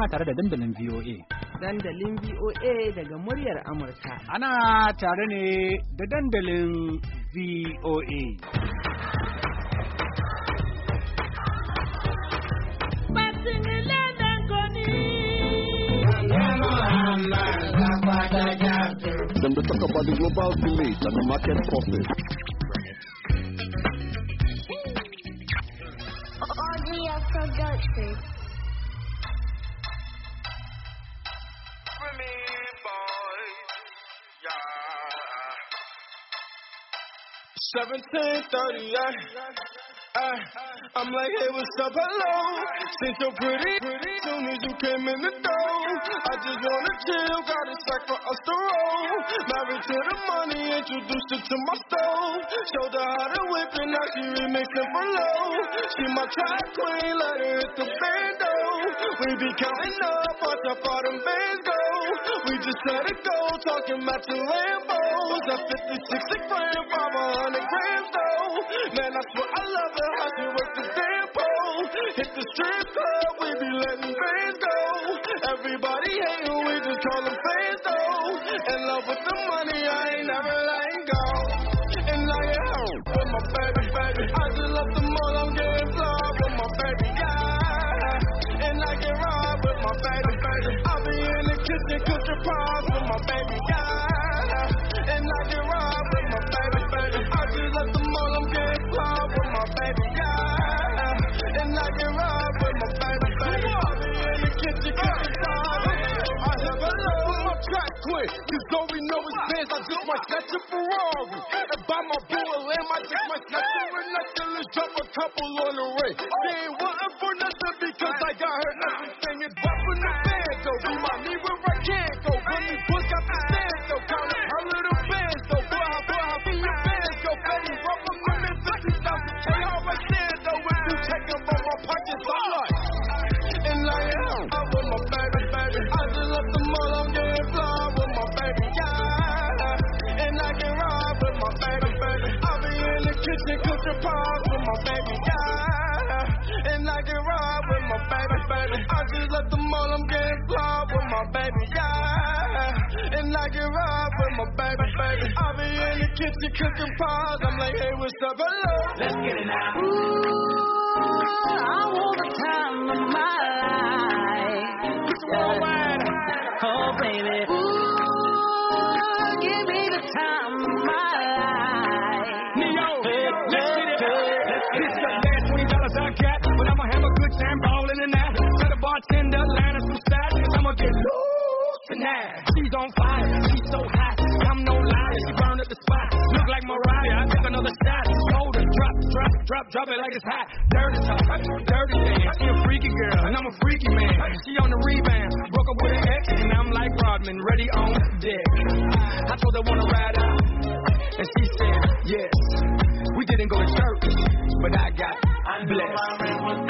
kuna tare da dandalin VOA. Dandalin VOA daga muryar Amurka. Ana tare ne da dandalin VOA. Then the talk about the global village and the market forces. 1738. I, eh, I'm like, hey, what's up? Hello. Since you're pretty, pretty, soon as you came in the door, I just wanna chill. Got a sack for us to roll. Married to the money, introduced her to my stove. Showed her how to whip and now she remixing for low. She my track queen, let her hit the bando. We be counting up, watch how far them bands go. We just let it go, talking about your Lambo was a 56 and crying 500 grams though. Man, I swear I love her how she works the damn pole. Hit the strip club, we be letting fans go. Everybody hating, we just call them fans though. In love with the money, I ain't never letting go. And I get home with my baby, baby. I just love the mall, I'm getting flawed with my baby, yeah. And I get robbed with my baby, baby. I be in the kitchen cooking pies with my baby, yeah fucking ride with my baby, baby. I just left the mall, I'm with my baby guy. And I can ride with my baby, baby. I'll in the kitchen, kitchen I have a love my track quick. Cause we know it's Benz, I just might snatch a Ferrari. And buy my bull a lamb, I just might snatch a Renata. Let's drop a couple on the way. They ain't wanting for nothing because I got her now. everything. It's bumping the band, though. Be my knee where I can't go. When me book up the stand, though. Count it, pause with my baby, yeah. And I can ride with my baby, baby. I just left the mall, I'm getting flawed with my baby, yeah. And I can ride with my baby, baby. I be in the kitchen cooking pies. I'm like, hey, what's up, hello? Let's get it now. Ooh, I want the time of my life. It's worldwide. Oh, baby. Ooh, give me the time of my life. bartender, line of some stashes. I'ma get loose tonight. She's on fire, she's so hot. I'm no liar, she burned up the spot. Look like Mariah, I took another shot. Hold it, drop, drop, drop, drop it like it's hot. Dirty talk, dirty dance. She a freaky girl, and I'm a freaky man. She on the rebound, broke up with an ex, and I'm like Rodman, ready on deck. I told her wanna ride out, and she said yes. We didn't go to church, but I got blessed.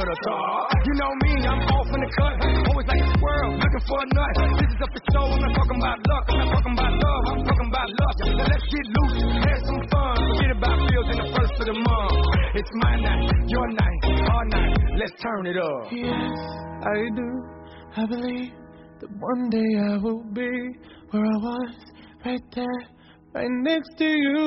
to the top. You know me, I'm off in the cut. Always like a squirrel, looking for a nut. This is up the show, I'm not talking about luck. I'm not talking about love, I'm talking about love. Now let's get loose, have some fun. Forget about bills in the first of the month. It's my night, your night, our night. Let's turn it up. Yes, I do. I believe that one day I will be where I was, right there, right next to you.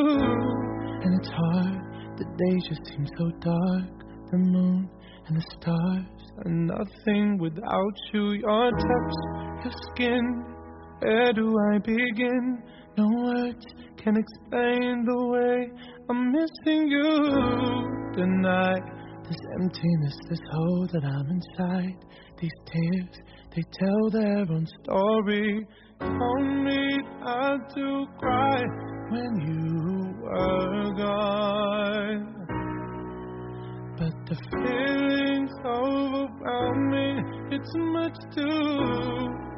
And it's hard, the day just seems so dark the moon and the stars are nothing without you. Your touch, your skin, where do I begin? No words can explain the way I'm missing you tonight. This emptiness, this hole that I'm inside, these tears, they tell their own story. Told me not to cry when you were gone. The feeling's overwhelming, it's much too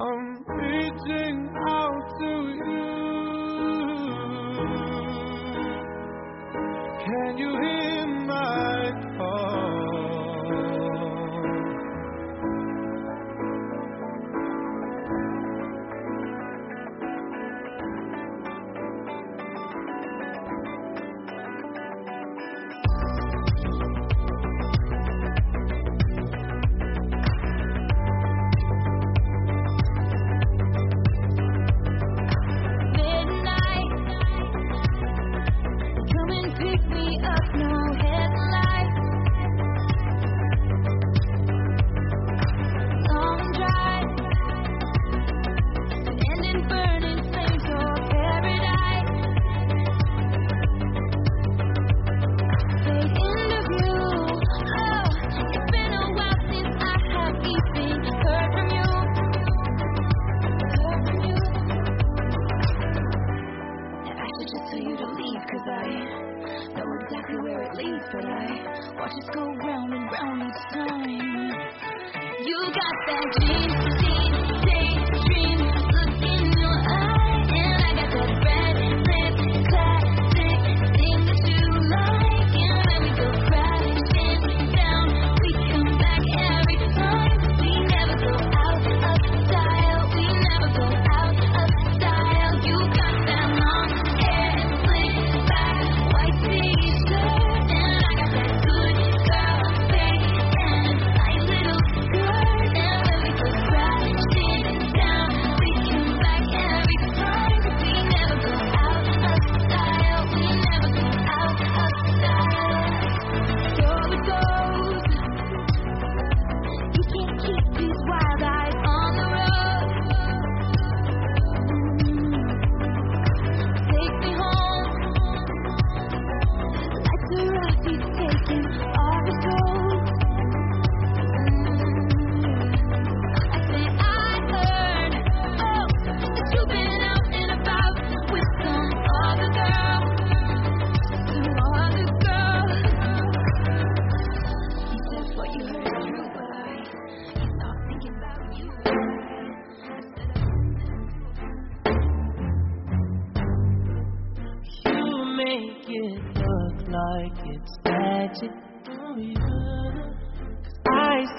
I'm reaching.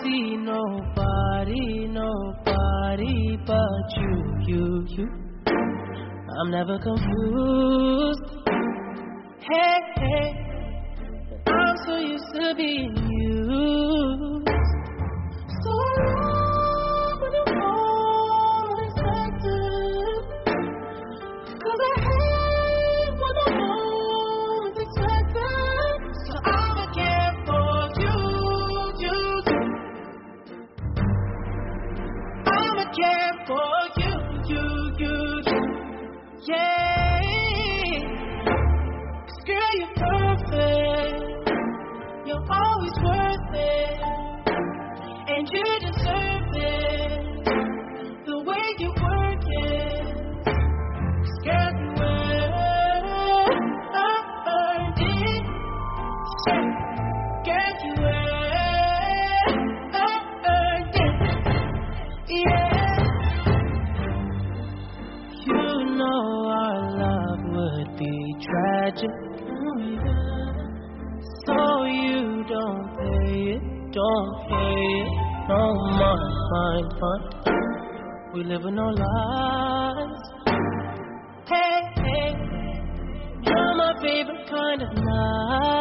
see nobody, nobody but you, you, you. I'm never confused. Hey, hey, I'm so used to being you. blind fun. We living our lives. Hey, hey, you're my favorite kind of night.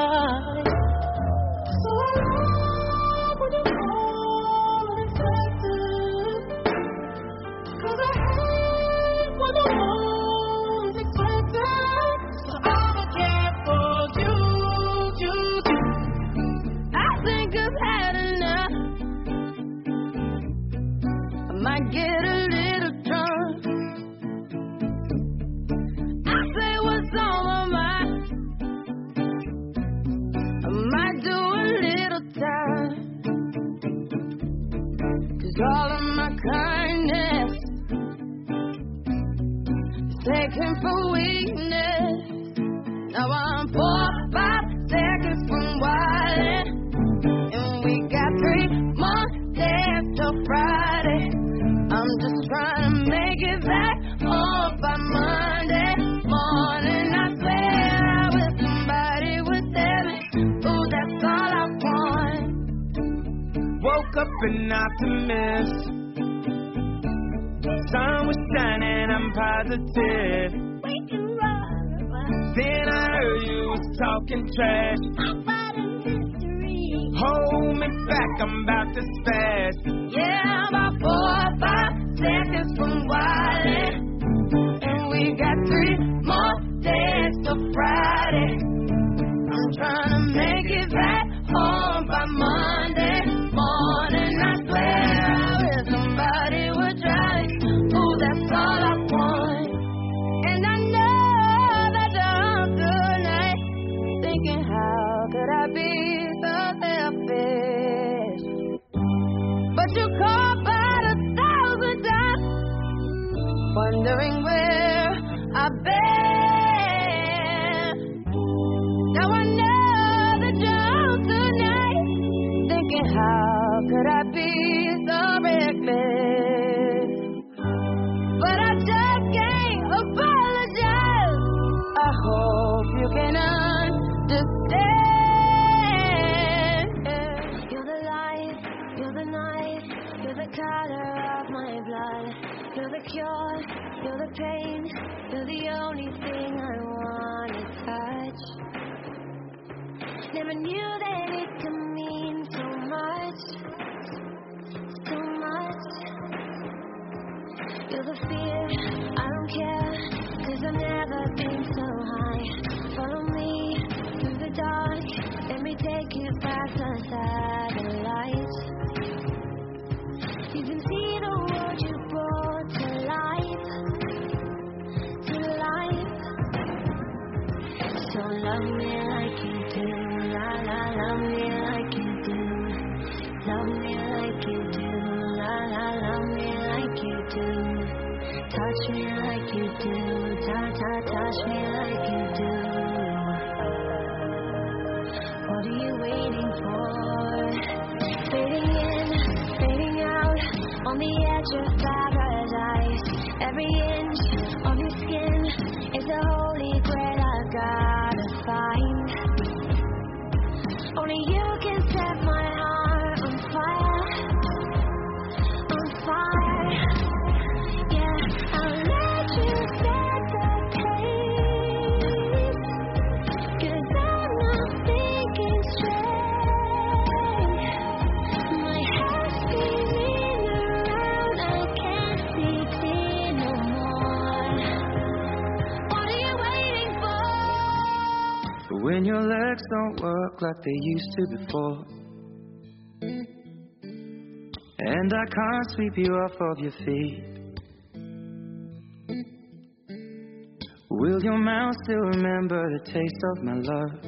all of my kindness taken for weakness. Now I'm poor. hoping not The sun was shining, I'm positive. Then I heard you was talking trash. Hold me back, I'm about to spaz. Yeah, I'm about four or five seconds from wildin'. And we got three more days till Friday. I'm trying to make it back home by Monday. wondering where I've been. waiting for. Fading in, fading out, on the edge of paradise. Every When your legs don't work like they used to before. And I can't sweep you off of your feet. Will your mouth still remember the taste of my love?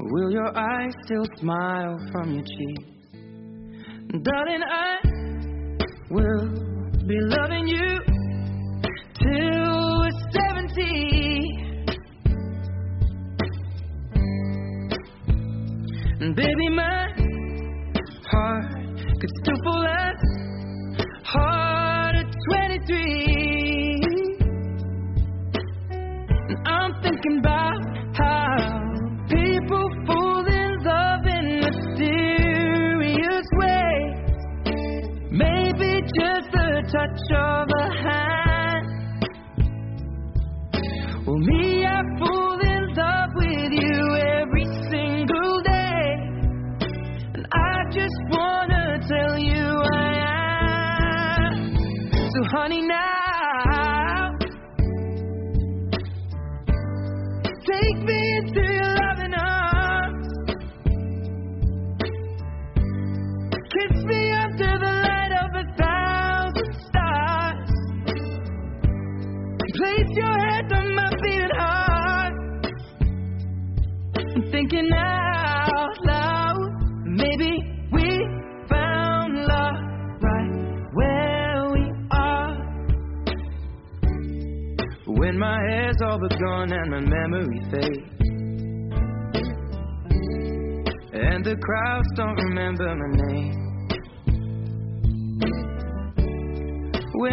Will your eyes still smile from your cheeks? Darling, I will be loving you till we're 70. Baby, my heart could still take me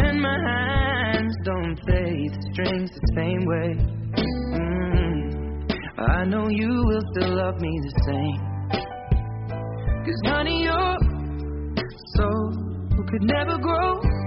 when my hands don't play the strings the same way. Mm. I know you will still love me the same. Cause honey, your soul could never grow.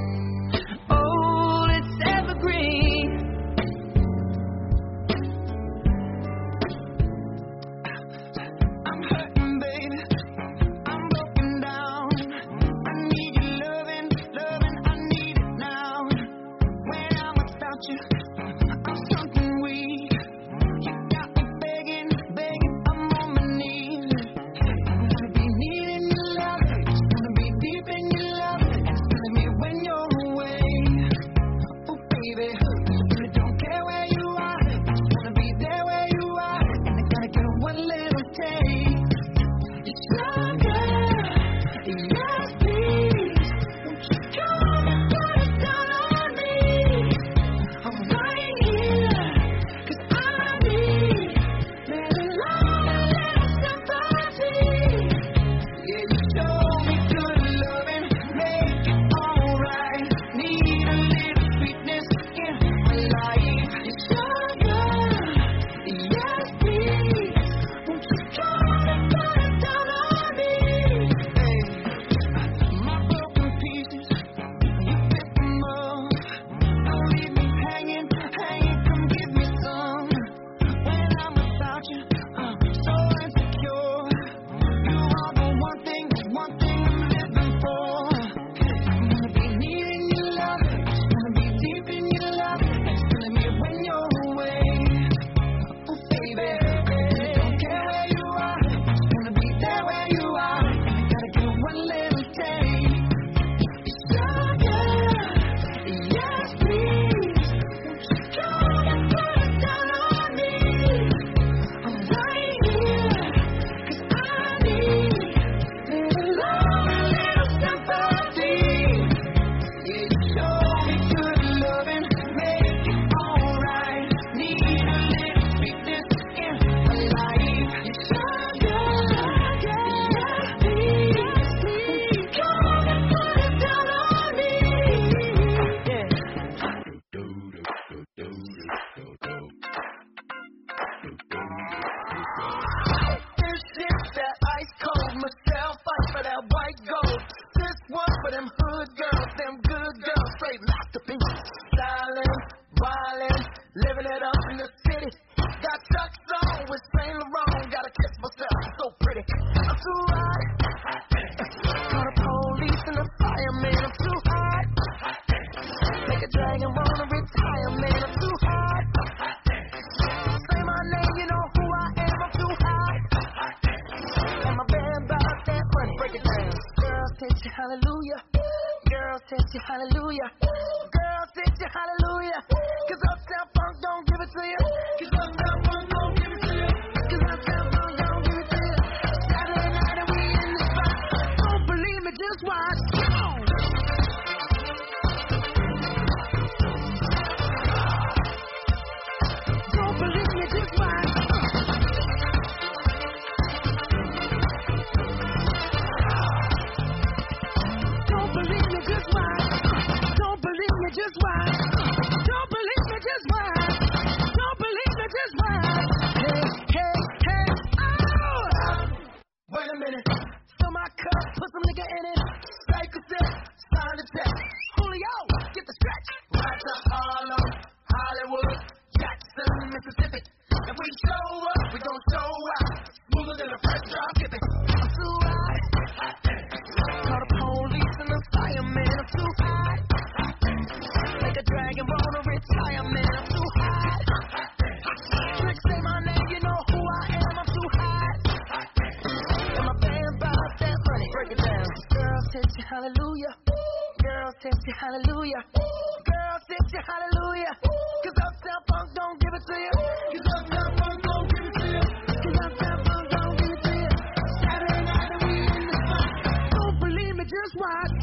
Just watch.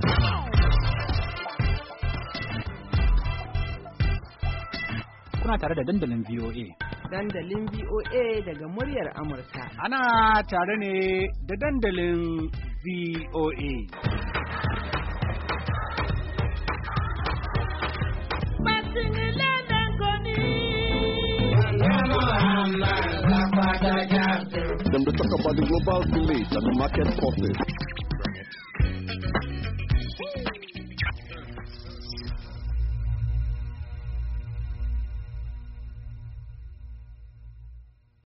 Kuna tare da dandalin VOA. dandalin VOA daga muryar Amurka. Ana tare ne da dandalin VOA. Then we talk about the global village and the market forces.